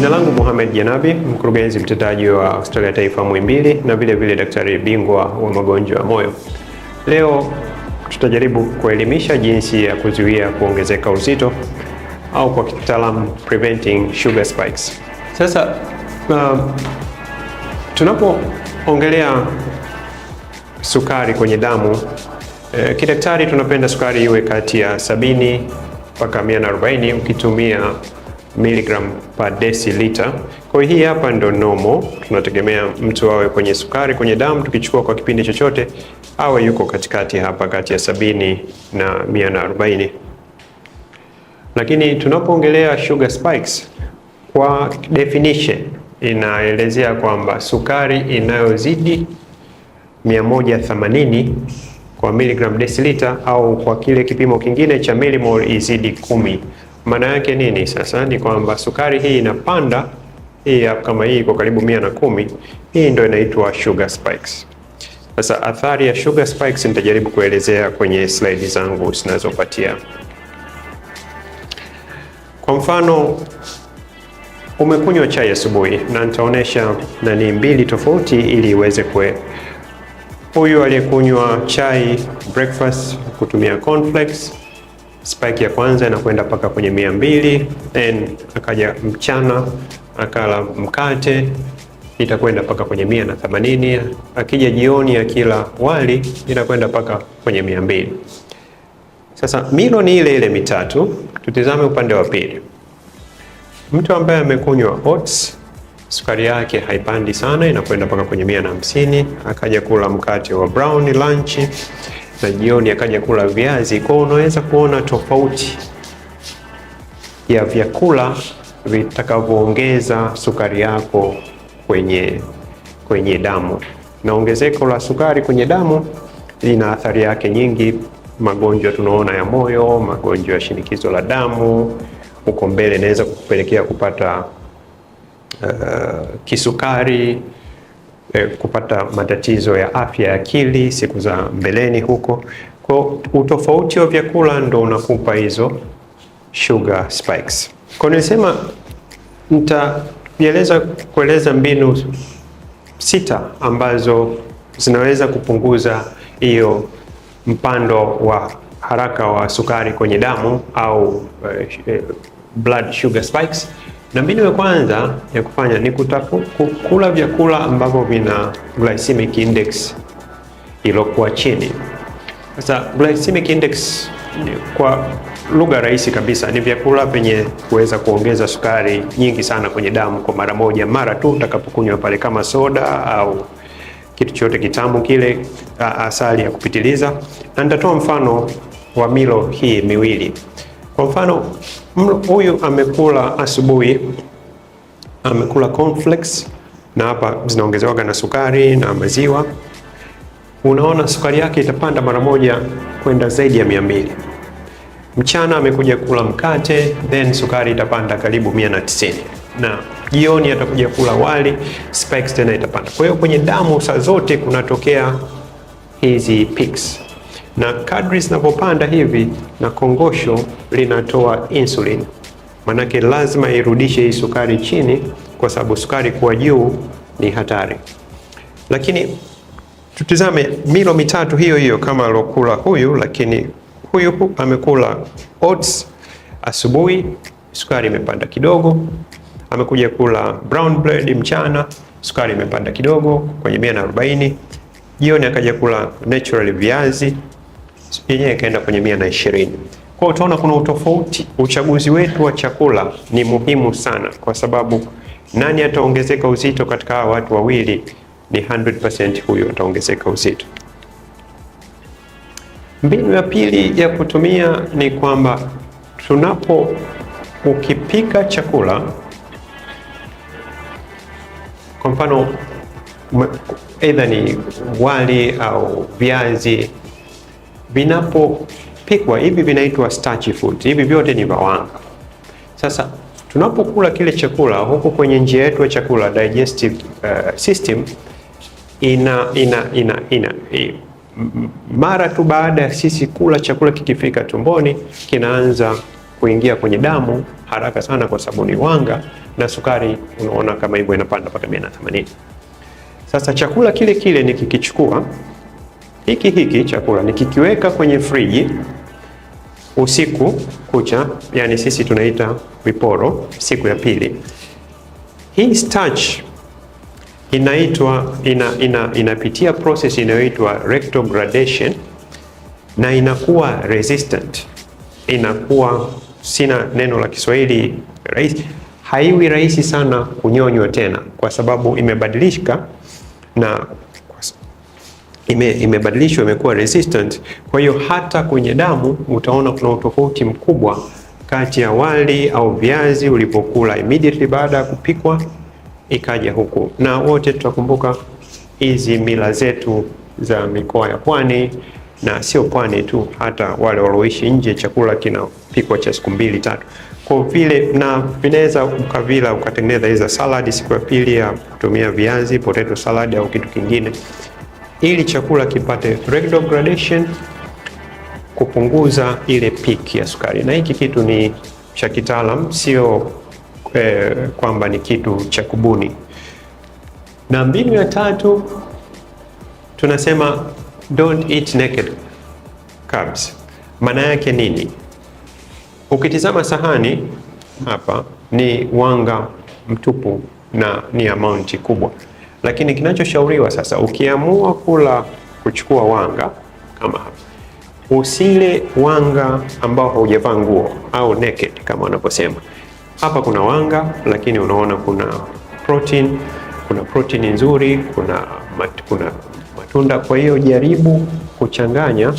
Jina langu Mohamed Janabi, mkurugenzi mtendaji wa hospitali ya taifa Muhimbili na vile vile daktari bingwa wa magonjwa ya moyo. Leo tutajaribu kuelimisha jinsi ya kuzuia kuongezeka uzito au kwa kitaalam preventing sugar spikes. Sasa uh, tunapoongelea sukari kwenye damu eh, kidaktari tunapenda sukari iwe kati ya sabini mpaka 140 ukitumia milligram per deciliter. Kwa hiyo hii hapa ndo normal, tunategemea mtu awe kwenye sukari kwenye damu tukichukua kwa kipindi chochote awe yuko katikati hapa kati ya sabini na mia na arobaini. Lakini tunapoongelea sugar spikes, kwa definition inaelezea kwamba sukari inayozidi 180 kwa milligram deciliter au kwa kile kipimo kingine cha millimole izidi kumi maana yake nini sasa? Ni kwamba sukari hii inapanda, hii kama hii iko karibu mia na kumi, hii ndio inaitwa sugar spikes. Sasa athari ya sugar spikes nitajaribu kuelezea kwenye slide zangu zinazopatia. Kwa mfano umekunywa chai asubuhi, na nitaonesha nani mbili tofauti ili iweze kue huyu aliyekunywa chai breakfast kutumia cornflakes spike ya kwanza inakwenda mpaka kwenye mia mbili, then akaja mchana akala mkate itakwenda mpaka kwenye mia na themanini, akija jioni ya kila wali inakwenda mpaka kwenye mia mbili. Sasa milo ni ile ile mitatu. Tutizame upande wa pili, mtu ambaye amekunywa oats sukari yake haipandi sana, inakwenda mpaka kwenye mia na hamsini. Akaja kula mkate wa brown lunch na jioni akaja kula viazi. Kwa unaweza kuona tofauti ya vyakula vitakavyoongeza sukari yako kwenye, kwenye damu. Na ongezeko la sukari kwenye damu lina athari yake nyingi, magonjwa tunaona ya moyo, magonjwa ya shinikizo la damu, huko mbele inaweza kukupelekea kupata uh, kisukari eh, kupata matatizo ya afya ya akili siku za mbeleni huko. Kwa utofauti wa vyakula ndo unakupa hizo sugar spikes. Kwa nilisema nitaeleza kueleza mbinu sita ambazo zinaweza kupunguza hiyo mpando wa haraka wa sukari kwenye damu au eh, eh blood sugar spikes. Na mbinu ya kwanza ya kufanya ni kula vyakula ambavyo vina glycemic index iliyokuwa chini. Sasa glycemic index kwa lugha rahisi kabisa ni vyakula vyenye kuweza kuongeza sukari nyingi sana kwenye damu kwa mara moja, mara tu utakapokunywa pale, kama soda au kitu chote kitamu kile, asali ya kupitiliza. Na nitatoa mfano wa milo hii miwili. Kwa mfano huyu amekula asubuhi, amekula cornflakes na hapa zinaongezewaga na sukari na maziwa, unaona sukari yake itapanda mara moja kwenda zaidi ya mia mbili. Mchana amekuja kula mkate, then sukari itapanda karibu mia na tisini na jioni atakuja kula wali spikes, tena itapanda. Kwa hiyo kwenye damu saa zote kunatokea hizi peaks na kadri zinavyopanda hivi na kongosho linatoa insulin, manake lazima irudishe hii sukari chini, kwa sababu sukari kuwa juu ni hatari. Lakini tutizame milo mitatu hiyo hiyo kama alokula huyu, lakini huyu amekula oats asubuhi, sukari imepanda kidogo. Amekuja kula brown bread mchana, sukari imepanda kidogo kwenye 140. Jioni akaja kula naturally viazi yenyewe ikaenda kwenye mia na ishirini. Kwa hiyo utaona kuna utofauti. Uchaguzi wetu wa chakula ni muhimu sana, kwa sababu nani ataongezeka uzito katika hawa watu wawili ni 100% huyo ataongezeka uzito. Mbinu ya pili ya kutumia ni kwamba tunapo, ukipika chakula kwa mfano, aidha ni wali au viazi vinapopikwa hivi vinaitwa starch food. Hivi vyote ni vawanga Sasa tunapokula kile chakula huko kwenye njia yetu ya chakula digestive uh, system ina, ina, ina, ina, mara tu baada ya sisi kula chakula kikifika tumboni kinaanza kuingia kwenye damu haraka sana, kwa sababu ni wanga na sukari, unaona kama hivyo inapanda mpaka 180. Sasa chakula kile kile nikikichukua hiki hiki chakula nikikiweka kwenye friji usiku kucha, yani sisi tunaita viporo, siku ya pili, hii starch inaitwa ina, ina, inapitia process inayoitwa rectal gradation na inakuwa resistant, inakuwa sina neno la Kiswahili rahisi, haiwi rahisi sana kunyonywa tena, kwa sababu imebadilishika na ime, imebadilishwa imekuwa resistant. Kwa hiyo hata kwenye damu utaona kuna utofauti mkubwa kati ya wali au viazi ulipokula immediately baada ya kupikwa ikaja huku, na wote tutakumbuka hizi mila zetu za mikoa ya pwani na sio pwani tu, hata wale walioishi nje chakula kinapikwa cha siku mbili tatu, kwa vile na vinaweza ukavila ukatengeneza hizo salad siku ya pili ya kutumia viazi, potato salad au kitu kingine ili chakula kipate retrogradation kupunguza ile peak ya sukari, na hiki kitu ni cha kitaalam, sio eh, kwamba ni kitu cha kubuni. Na mbinu ya tatu tunasema don't eat naked carbs. Maana yake nini? Ukitizama sahani hapa ni wanga mtupu na ni amaunti kubwa. Lakini kinachoshauriwa sasa, ukiamua kula kuchukua wanga kama hapa, usile wanga ambao haujavaa nguo au naked kama wanavyosema hapa. Kuna wanga lakini unaona kuna protein, kuna protein nzuri, kuna, mat, kuna matunda. Kwa hiyo jaribu kuchanganya,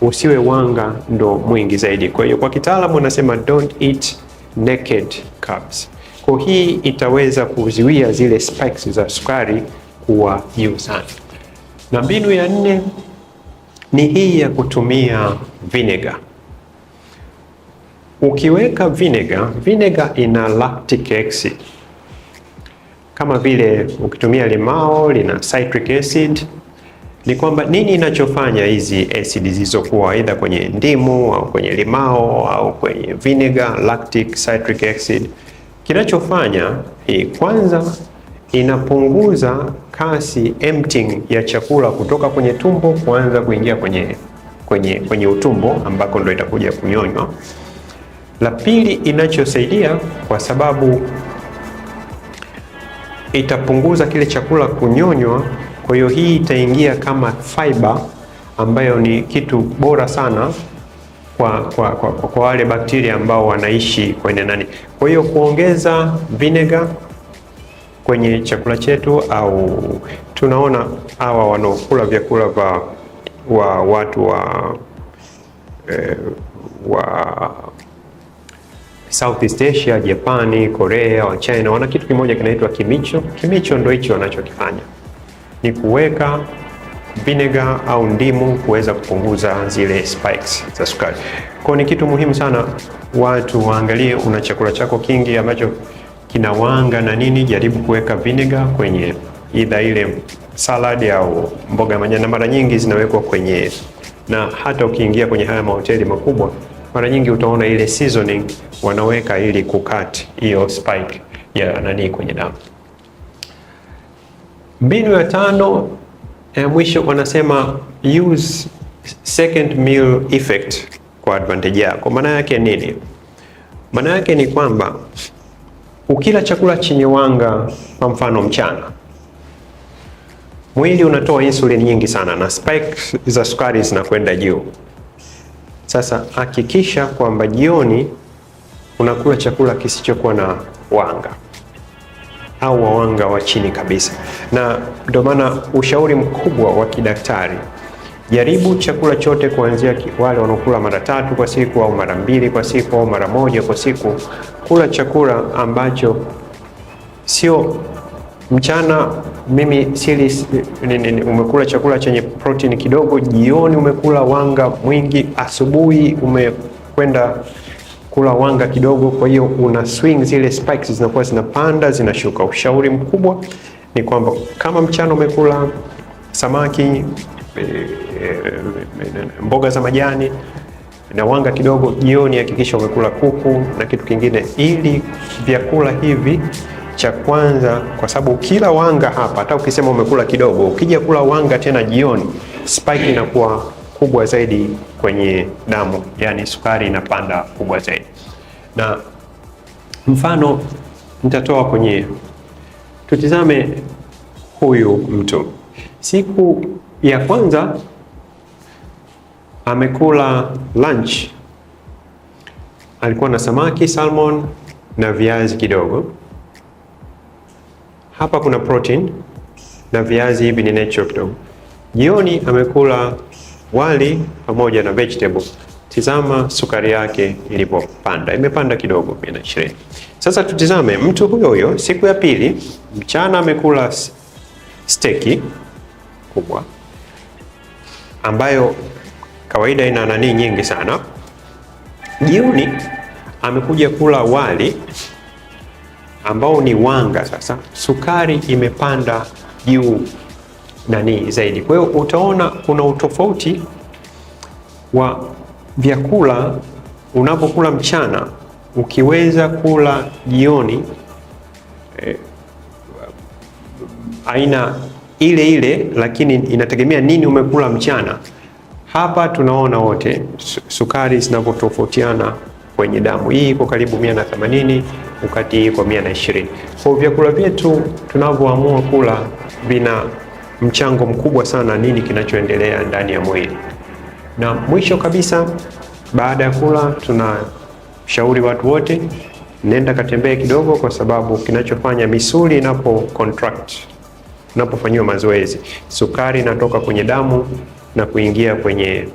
usiwe wanga ndo mwingi zaidi. Kwa hiyo kwa kitaalamu wanasema don't eat naked carbs. So hii itaweza kuzuia zile spikes za sukari kuwa juu sana. Na mbinu ya nne ni hii ya kutumia vinegar. Ukiweka vinegar, vinegar ina lactic acid kama vile ukitumia limao lina citric acid. Ni kwamba nini inachofanya hizi acid zilizokuwa aidha kwenye ndimu au kwenye limao au kwenye vinegar, lactic, citric acid Kinachofanya ni kwanza, inapunguza kasi emptying ya chakula kutoka kwenye tumbo kuanza kuingia kwenye, kwenye, kwenye utumbo ambako ndo itakuja kunyonywa. La pili inachosaidia, kwa sababu itapunguza kile chakula kunyonywa, kwa hiyo hii itaingia kama fiber ambayo ni kitu bora sana kwa, kwa, kwa, kwa wale bakteria ambao wanaishi kwenye nani. Kwa hiyo kuongeza vinegar kwenye chakula chetu au tunaona hawa wanaokula vyakula vya wa watu wa, eh, wa Southeast Asia, Japani, Korea, wa China wana kitu kimoja kinaitwa kimicho. Kimicho ndio hicho wanachokifanya ni kuweka vinegar au ndimu kuweza kupunguza zile spikes za sukari. Kwa ni kitu muhimu sana watu waangalie, una chakula chako kingi ambacho kina wanga na nini, jaribu kuweka vinegar kwenye idha ile salad au mboga ya majani, na mara nyingi zinawekwa kwenye, na hata ukiingia kwenye haya mahoteli makubwa mara nyingi utaona ile seasoning wanaweka ili kukat hiyo spike ya nani kwenye damu. Mbinu ya tano E, mwisho wanasema use second meal effect kwa advantage yako. Maana yake nini? Maana yake ni kwamba ukila chakula chenye wanga, kwa mfano mchana, mwili unatoa insulin nyingi sana na spike za sukari zinakwenda juu. Sasa hakikisha kwamba jioni unakula chakula kisichokuwa na wanga au wawanga wa chini kabisa, na ndio maana ushauri mkubwa wa kidaktari Jaribu chakula chote kuanzia wale wanaokula mara tatu kwa siku au mara mbili kwa siku au mara moja kwa siku, kula chakula ambacho sio mchana. Mimi sili umekula chakula chenye protini kidogo, jioni umekula wanga mwingi, asubuhi umekwenda kula wanga kidogo, kwa hiyo una swing zile spikes zinakuwa zinapanda zinashuka. Ushauri mkubwa ni kwamba kama mchana umekula samaki e, mboga za majani na wanga kidogo, jioni hakikisha umekula kuku na kitu kingine, ili vyakula hivi cha kwanza, kwa sababu kila wanga hapa, hata ukisema umekula kidogo, ukija kula wanga tena jioni, spike inakuwa kubwa zaidi kwenye damu, yani sukari inapanda kubwa zaidi. Na mfano nitatoa kwenye, tutizame huyu mtu siku ya kwanza amekula lunch, alikuwa na samaki salmon na viazi kidogo. Hapa kuna protein na viazi hivi ni natural kidogo. Jioni amekula wali pamoja na vegetable. Tizama sukari yake ilivyopanda, imepanda kidogo mia Sasa tutizame mtu huyo huyo siku ya pili mchana amekula steki kubwa ambayo kawaida ina nani nyingi sana. Jioni amekuja kula wali ambao ni wanga. Sasa sukari imepanda juu nani zaidi. Kwa hiyo utaona kuna utofauti wa vyakula unapokula mchana, ukiweza kula jioni eh, aina ile ile, lakini inategemea nini umekula mchana. Hapa tunaona wote sukari zinavyotofautiana kwenye damu. Hii iko karibu 180 wakati hii iko 120. Kwa vyakula vyetu tunavyoamua kula vina mchango mkubwa sana nini kinachoendelea ndani ya mwili. Na mwisho kabisa, baada ya kula, tunashauri watu wote, nenda katembee kidogo, kwa sababu kinachofanya misuli inapo contract, unapofanyiwa mazoezi, sukari inatoka kwenye damu na kuingia kwenye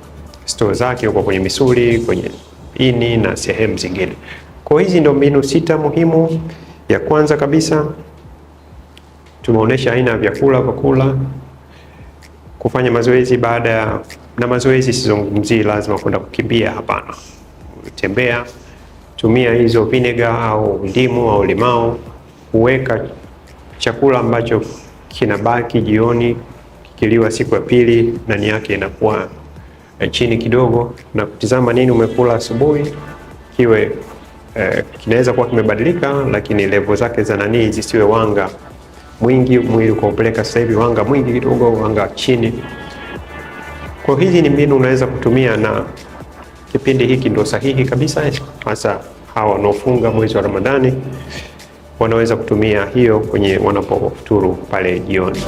store zake huko kwenye misuli, kwenye ini na sehemu zingine. Kwa hizi ndio mbinu sita muhimu. Ya kwanza kabisa tumeonyesha aina ya vyakula kwa kula, kufanya mazoezi baada ya na mazoezi, sizungumzii lazima kwenda kukimbia, hapana, tembea, tumia hizo vinegar au ndimu au limao, kuweka chakula ambacho kinabaki jioni kikiliwa siku ya pili, ndani yake inakuwa chini kidogo, na kutizama nini umekula asubuhi kiwe eh, kinaweza kuwa kimebadilika, lakini levo zake za nani zisiwe wanga mwingi mwili ukaupeleka sasa hivi wanga mwingi kidogo, wanga chini. Kwa hizi ni mbinu unaweza kutumia, na kipindi hiki ndo sahihi kabisa, hasa hawa wanaofunga mwezi wa Ramadhani wanaweza kutumia hiyo kwenye wanapofuturu pale jioni.